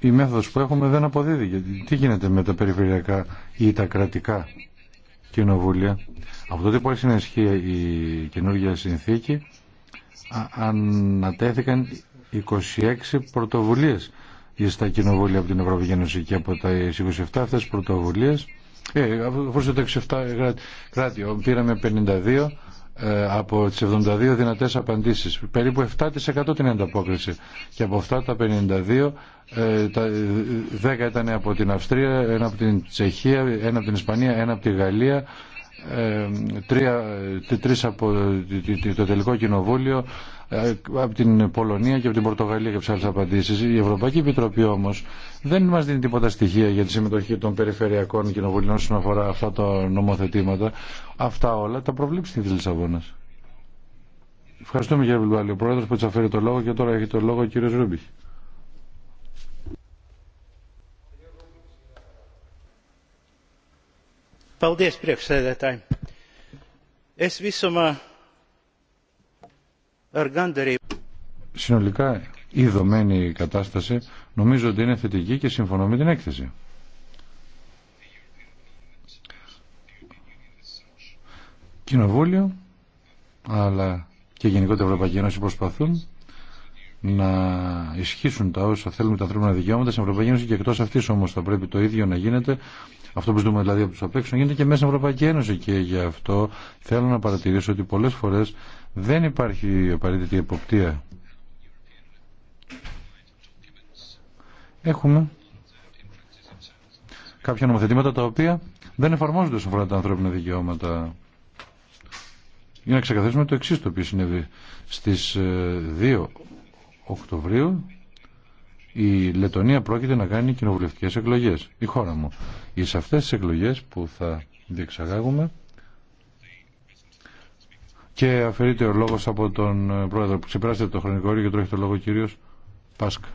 [SPEAKER 4] η μέθοδος που έχουμε δεν αποδίδει. Γιατί τι γίνεται με τα περιφερειακά ή τα κρατικά κοινοβούλια. Από τότε που άρχισε να ισχύει η καινούργια έχει να η καινουργια συνθηκη ανατέθηκαν 26 πρωτοβουλίες στα κοινοβούλια από την Ευρωπαϊκή Ένωση και από τα 27 αυτές πρωτοβουλίες ε, αφού 27 κράτη πήραμε 52 ε, από τις 72 δυνατές απαντήσεις περίπου 7% την ανταπόκριση και από αυτά τα 52 ε, τα 10 ε, ήταν από την Αυστρία ένα από την Τσεχία, ένα από την Ισπανία ένα από τη Γαλλία ε, τρία, τρεις από το τελικό κοινοβούλιο ε, από την Πολωνία και από την Πορτογαλία και από τις Η Ευρωπαϊκή Επιτροπή όμως δεν μας δίνει τίποτα στοιχεία για τη συμμετοχή των περιφερειακών κοινοβουλίων όσον αφορά αυτά τα νομοθετήματα. Αυτά όλα τα προβλήψει της Λισαβόνα. Ευχαριστούμε κύριε Βιλβάλη. Ο πρόεδρος που της αφαίρει το λόγο και τώρα έχει το λόγο ο κύριος Ρούμπιχ.
[SPEAKER 2] Paldies, priekšsēdētāji. Es visumā ar gandarību.
[SPEAKER 4] Συνολικά η δομένη κατάσταση νομίζω ότι είναι θετική και συμφωνώ με την έκθεση. Κοινοβούλιο αλλά και γενικότερα Ευρωπαϊκή Ένωση προσπαθούν να ισχύσουν τα όσα θέλουμε τα ανθρώπινα δικαιώματα στην Ευρωπαϊκή Ένωση και εκτό αυτή όμω θα πρέπει το ίδιο να γίνεται αυτό που ζητούμε δηλαδή από του απέξω γίνεται και μέσα στην Ευρωπαϊκή Ένωση και γι' αυτό θέλω να παρατηρήσω ότι πολλέ φορέ δεν υπάρχει απαραίτητη εποπτεία. Έχουμε κάποια νομοθετήματα τα οποία δεν εφαρμόζονται σε αφορά τα ανθρώπινα δικαιώματα. Για να ξεκαθαρίσουμε το εξή το οποίο συνέβη στις 2 ε, Οκτωβρίου η Λετωνία πρόκειται να κάνει κοινοβουλευτικές εκλογές, η χώρα μου. Ή αυτέ αυτές τις εκλογές που θα διεξαγάγουμε και αφαιρείται ο λόγος από τον ε, πρόεδρο που ξεπεράσετε το χρονικό όριο και το λόγο κυρίως Πάσκα.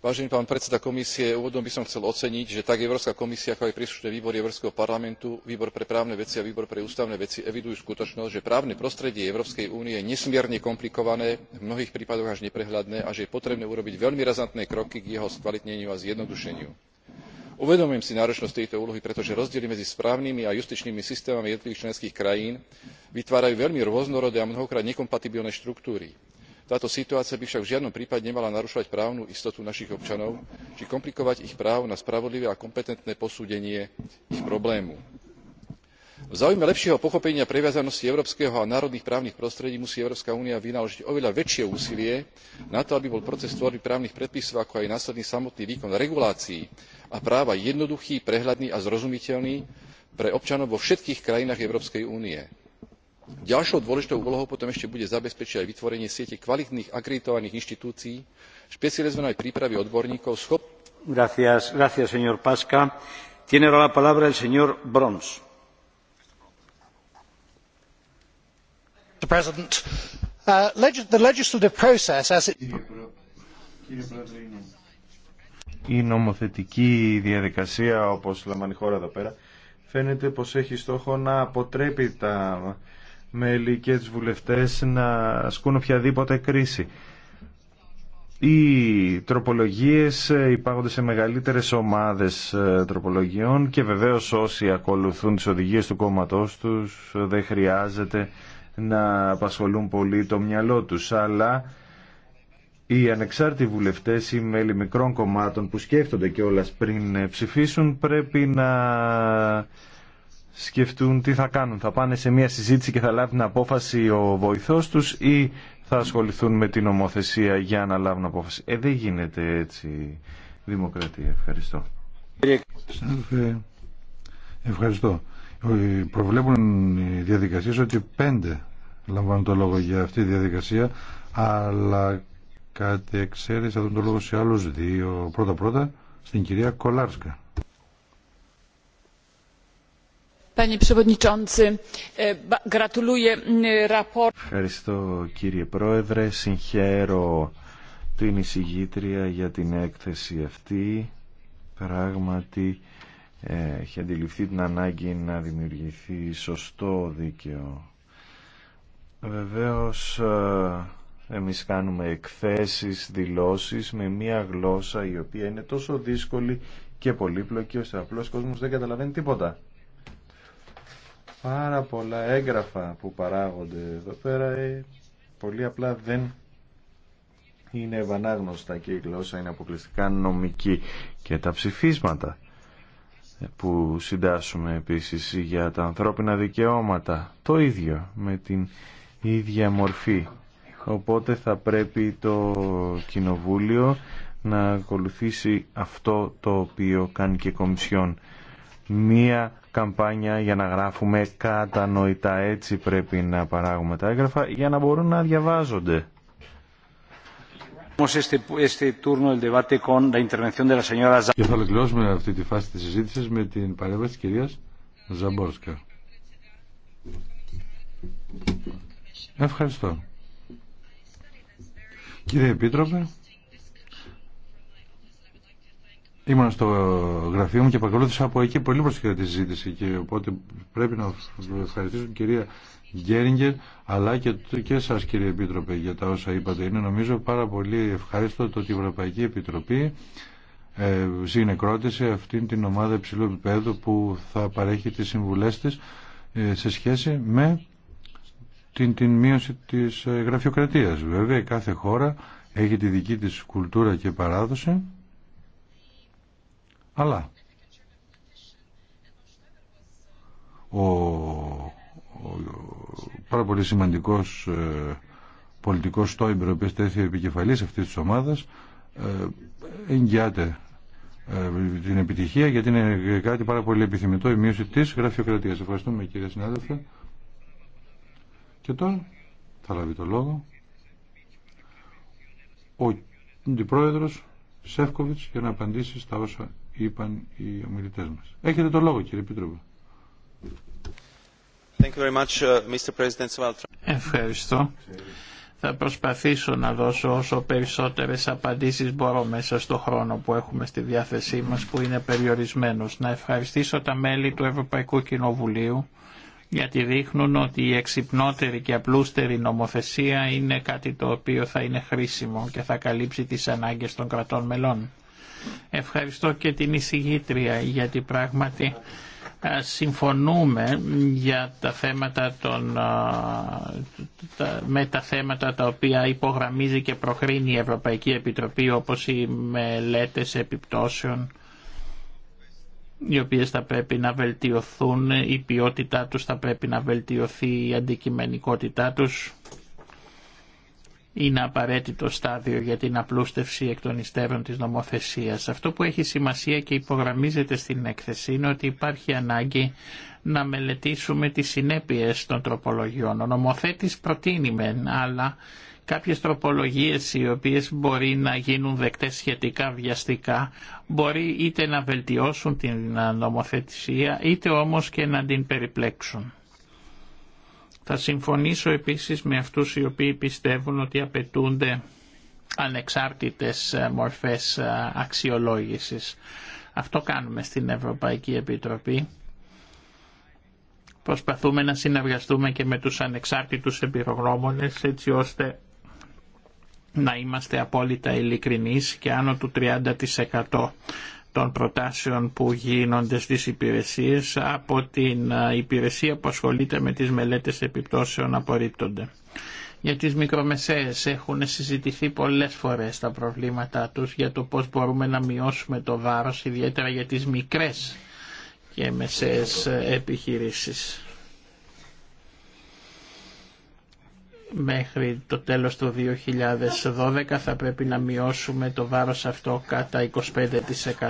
[SPEAKER 1] vážený pán predseda komisie úvodom by som chcel oceniť že tak európska komisia ako aj príslušné výbory európskeho parlamentu výbor pre právne veci a výbor pre ústavné veci evidujú skutočnosť že právne prostredie európskej únie je nesmierne komplikované v mnohých prípadoch až neprehľadné a že je potrebné urobiť veľmi razantné kroky k jeho skvalitneniu a zjednodušeniu. uvedomujem si náročnosť tejto úlohy pretože rozdiely medzi správnymi a justičnými systémami jednotlivých členských krajín vytvárajú veľmi rôznorodé a mnohokrát nekompatibilné štruktúry táto situácia by však v žiadnom prípade nemala narušovať právnu istotu našich občanov či komplikovať ich právo na spravodlivé a kompetentné posúdenie ich problému. v záujme lepšieho pochopenia previazanosti európskeho a národných právnych prostredí musí európska únia vynaložiť oveľa väčšie úsilie na to aby bol proces tvorby právnych predpisov ako aj následný samotný výkon regulácií a práva jednoduchý prehľadný a zrozumiteľný pre občanov vo všetkých krajinách európskej únie ďalšou dôležitou úlohou potom ešte bude zabezpečiť aj vytvorenie siete kvalitných akreditovaných inštitúcií špecializovanej prípravy odborníkov
[SPEAKER 2] mr president
[SPEAKER 4] the legislative process as it
[SPEAKER 3] η νομοθετική διαδικασία όπως λαμβάνει η χώρα εδώ πέρα φαίνεται πως έχει στόχο μέλη και τους βουλευτές να ασκούν οποιαδήποτε κρίση. Οι τροπολογίες ε, υπάγονται σε μεγαλύτερες ομάδες ε, τροπολογιών και βεβαίως όσοι ακολουθούν τις οδηγίες του κόμματός τους ε, δεν χρειάζεται να απασχολούν πολύ το μυαλό τους, αλλά οι ανεξάρτητοι βουλευτές ή μέλη μικρών κομμάτων που σκέφτονται και όλας πριν ψηφίσουν πρέπει να σκεφτούν τι θα κάνουν. Θα πάνε σε μια συζήτηση και θα λάβουν απόφαση ο βοηθός τους ή θα ασχοληθούν με την ομοθεσία για να λάβουν απόφαση. Ε, δεν γίνεται έτσι
[SPEAKER 4] δημοκρατία. Ευχαριστώ. Ε, ευχαριστώ. Ε, προβλέπουν οι διαδικασίες ότι πέντε λαμβάνουν το λόγο για αυτή τη διαδικασία, αλλά κάτι εξαίρεση θα δουν το λόγο σε άλλους δύο. Πρώτα-πρώτα στην κυρία Κολάρσκα. E, Ευχαριστώ
[SPEAKER 3] κύριε Πρόεδρε. Συγχαίρω την εισηγήτρια για την έκθεση αυτή. Πράγματι ε, έχει αντιληφθεί την ανάγκη να δημιουργηθεί σωστό δίκαιο. Βεβαίως ε, εμείς κάνουμε εκθέσεις, δηλώσεις με μία γλώσσα η οποία είναι τόσο δύσκολη και πολύπλοκη ώστε απλός κόσμος δεν καταλαβαίνει τίποτα πάρα πολλά έγγραφα που παράγονται εδώ πέρα ε, πολύ απλά δεν είναι ευανάγνωστα και η γλώσσα είναι αποκλειστικά νομική και τα ψηφίσματα που συντάσσουμε επίσης για τα ανθρώπινα δικαιώματα το ίδιο με την ίδια μορφή οπότε θα πρέπει το κοινοβούλιο να ακολουθήσει αυτό το οποίο κάνει και η Κομισιόν μία καμπάνια για να γράφουμε κατανοητά. Έτσι πρέπει να παράγουμε τα έγγραφα για να μπορούν να
[SPEAKER 4] διαβάζονται. Και θα ολοκληρώσουμε αυτή τη φάση της συζήτησης με την παρέμβαση της κυρίας Ζαμπόρσκα. Ευχαριστώ. Κύριε Επίτροπε, Ήμουν στο γραφείο μου και παρακολούθησα από εκεί πολύ προσεκτικά τη συζήτηση και οπότε πρέπει να ευχαριστήσω την κυρία Γκέριγκερ αλλά και, και εσά κύριε Επίτροπε για τα όσα είπατε. Είναι νομίζω πάρα πολύ ευχαριστώ το ότι η Ευρωπαϊκή Επιτροπή ε, συνεκρότησε αυτήν την ομάδα υψηλού επίπεδου που θα παρέχει τις συμβουλές της ε, σε σχέση με την, την μείωση της ε, γραφειοκρατίας. Βέβαια κάθε χώρα έχει τη δική της κουλτούρα και παράδοση αλλά ο, πάρα πολύ σημαντικός ε, πολιτικός στόιμπερ ο οποίος τέθη επικεφαλής αυτής της ομάδας ε, εγγυάται ε, την επιτυχία γιατί είναι κάτι πάρα πολύ επιθυμητό η μείωση της γραφειοκρατίας. Ευχαριστούμε κύριε συνάδελφε. Και τώρα θα λάβει το λόγο ο αντιπρόεδρος Σεύκοβιτς για να απαντήσει στα όσα είπαν οι ομιλητέ μα. Έχετε το λόγο κύριε Πίτροπο.
[SPEAKER 3] Uh,
[SPEAKER 2] Ευχαριστώ. Θα προσπαθήσω να δώσω όσο περισσότερες απαντήσεις μπορώ μέσα στο χρόνο που έχουμε στη διάθεσή μας που είναι περιορισμένος. Να ευχαριστήσω τα μέλη του Ευρωπαϊκού Κοινοβουλίου γιατί δείχνουν ότι η εξυπνότερη και απλούστερη νομοθεσία είναι κάτι το οποίο θα είναι χρήσιμο και θα καλύψει τις ανάγκες των κρατών μελών. Ευχαριστώ και την εισηγήτρια γιατί πράγματι συμφωνούμε για τα θέματα των, με τα θέματα τα οποία υπογραμμίζει και προχρήνει η Ευρωπαϊκή Επιτροπή όπως οι μελέτες επιπτώσεων οι οποίες θα πρέπει να βελτιωθούν, η ποιότητά τους θα πρέπει να βελτιωθεί, η αντικειμενικότητά τους είναι απαραίτητο στάδιο για την απλούστευση εκ των υστέρων της νομοθεσίας. Αυτό που έχει σημασία και υπογραμμίζεται στην έκθεση είναι ότι υπάρχει ανάγκη να μελετήσουμε τις συνέπειες των τροπολογιών. Ο νομοθέτης προτείνει μεν, αλλά κάποιες τροπολογίες οι οποίες μπορεί να γίνουν δεκτές σχετικά βιαστικά μπορεί είτε να βελτιώσουν την νομοθεσία είτε όμως και να την περιπλέξουν. Θα συμφωνήσω επίσης με αυτούς οι οποίοι πιστεύουν ότι απαιτούνται ανεξάρτητες ε, μορφές ε, αξιολόγησης. Αυτό κάνουμε στην Ευρωπαϊκή Επιτροπή. Προσπαθούμε να συνεργαστούμε και με τους ανεξάρτητους εμπειρογνώμονες έτσι ώστε να είμαστε απόλυτα ειλικρινείς και άνω του 30% των προτάσεων που γίνονται στις υπηρεσίες από την ε, υπηρεσία που ασχολείται με τις μελέτες επιπτώσεων απορρίπτονται. Για τις μικρομεσαίες έχουν συζητηθεί πολλές φορές τα προβλήματά τους για το πώς μπορούμε να μειώσουμε το βάρος ιδιαίτερα για τις μικρές και μεσαίες επιχειρήσεις. μέχρι το τέλος του 2012 θα πρέπει να μειώσουμε το βάρος αυτό κατά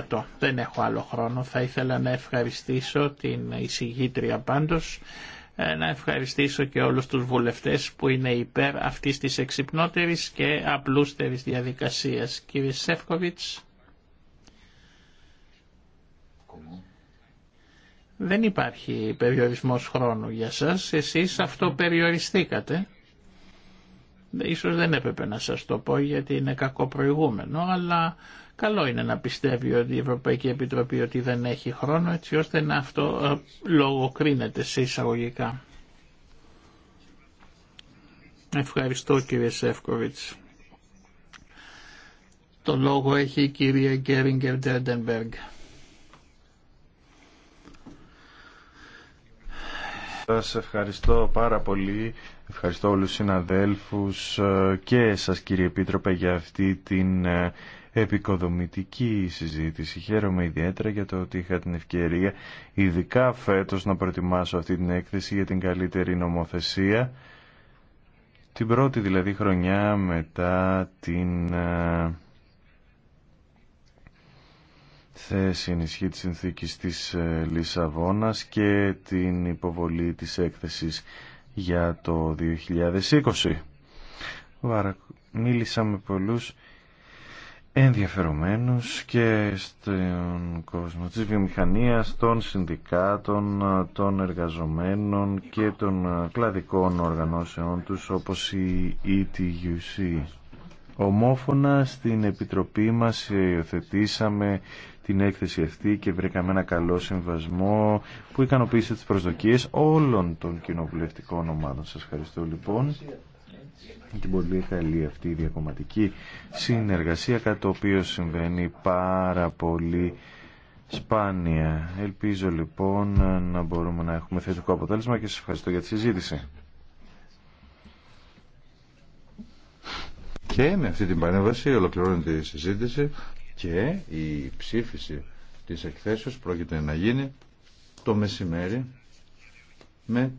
[SPEAKER 2] 25%. Δεν έχω άλλο χρόνο. Θα ήθελα να ευχαριστήσω την εισηγήτρια πάντως, ε, να ευχαριστήσω και όλους τους βουλευτές που είναι υπέρ αυτής της εξυπνότερης και απλούστερης διαδικασίας. Κύριε Σεύκοβιτς. Δεν υπάρχει περιορισμός χρόνου για σας. Εσείς αυτό περιοριστήκατε. Ίσως δεν έπρεπε να σας το πω γιατί είναι κακό προηγούμενο, αλλά καλό είναι να πιστεύει ότι η Ευρωπαϊκή Επιτροπή ότι δεν έχει χρόνο έτσι ώστε να αυτό ε, λογοκρίνεται σε εισαγωγικά. Ευχαριστώ κύριε Σεύκοβιτς. Το λόγο έχει η κυρία Γκέριγκερ Ντέντενμπεργκ. Σας
[SPEAKER 3] ευχαριστώ πάρα πολύ Ευχαριστώ όλους τους συναδέλφους ε, και σα κύριε Επίτροπε για αυτή την ε, επικοδομητική συζήτηση. Χαίρομαι ιδιαίτερα για το ότι είχα την ευκαιρία ειδικά φέτος να προετοιμάσω αυτή την έκθεση για την καλύτερη νομοθεσία. Την πρώτη δηλαδή χρονιά μετά την ε, θέση ενισχύ της συνθήκης της Λισαβόνας και την υποβολή της έκθεσης για το 2020. Βάρα, μίλησα με πολλούς ενδιαφερομένους και στον κόσμο της βιομηχανίας, των συνδικάτων, των εργαζομένων και των κλαδικών οργανώσεων τους όπως η ETUC. Ομόφωνα στην Επιτροπή μας ε, υιοθετήσαμε την έκθεση αυτή και βρήκαμε ένα καλό συμβασμό που ικανοποίησε τις προσδοκίες όλων των κοινοβουλευτικών ομάδων. Σας ευχαριστώ λοιπόν την πολύ καλή αυτή η διακομματική συνεργασία κατά το οποίο συμβαίνει πάρα πολύ σπάνια. Ελπίζω λοιπόν να μπορούμε να
[SPEAKER 4] έχουμε θετικό αποτέλεσμα και σας ευχαριστώ για τη συζήτηση. Και με αυτή την παρέμβαση ολοκληρώνεται η συζήτηση και η ψήφιση της εκθέσεως πρόκειται να γίνει το μεσημέρι με